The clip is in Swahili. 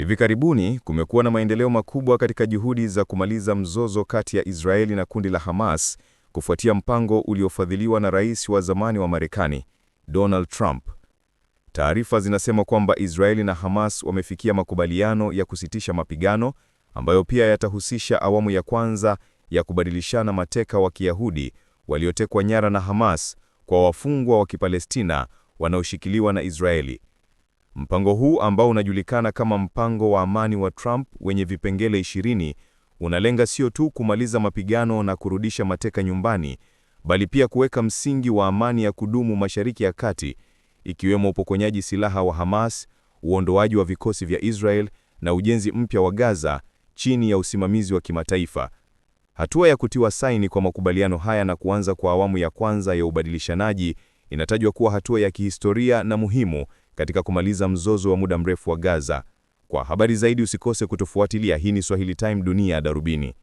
Hivi karibuni kumekuwa na maendeleo makubwa katika juhudi za kumaliza mzozo kati ya Israeli na kundi la Hamas kufuatia mpango uliofadhiliwa na rais wa zamani wa Marekani, Donald Trump. Taarifa zinasema kwamba Israeli na Hamas wamefikia makubaliano ya kusitisha mapigano ambayo pia yatahusisha awamu ya kwanza ya kubadilishana mateka wa Kiyahudi waliotekwa nyara na Hamas kwa wafungwa wa Kipalestina wanaoshikiliwa na Israeli. Mpango huu ambao unajulikana kama mpango wa amani wa Trump wenye vipengele 20 unalenga sio tu kumaliza mapigano na kurudisha mateka nyumbani, bali pia kuweka msingi wa amani ya kudumu Mashariki ya Kati, ikiwemo upokonyaji silaha wa Hamas, uondoaji wa vikosi vya Israel na ujenzi mpya wa Gaza chini ya usimamizi wa kimataifa. Hatua ya kutiwa saini kwa makubaliano haya na kuanza kwa awamu ya kwanza ya ubadilishanaji inatajwa kuwa hatua ya kihistoria na muhimu katika kumaliza mzozo wa muda mrefu wa Gaza. Kwa habari zaidi usikose kutufuatilia. Hii ni Swahili Time Dunia Darubini.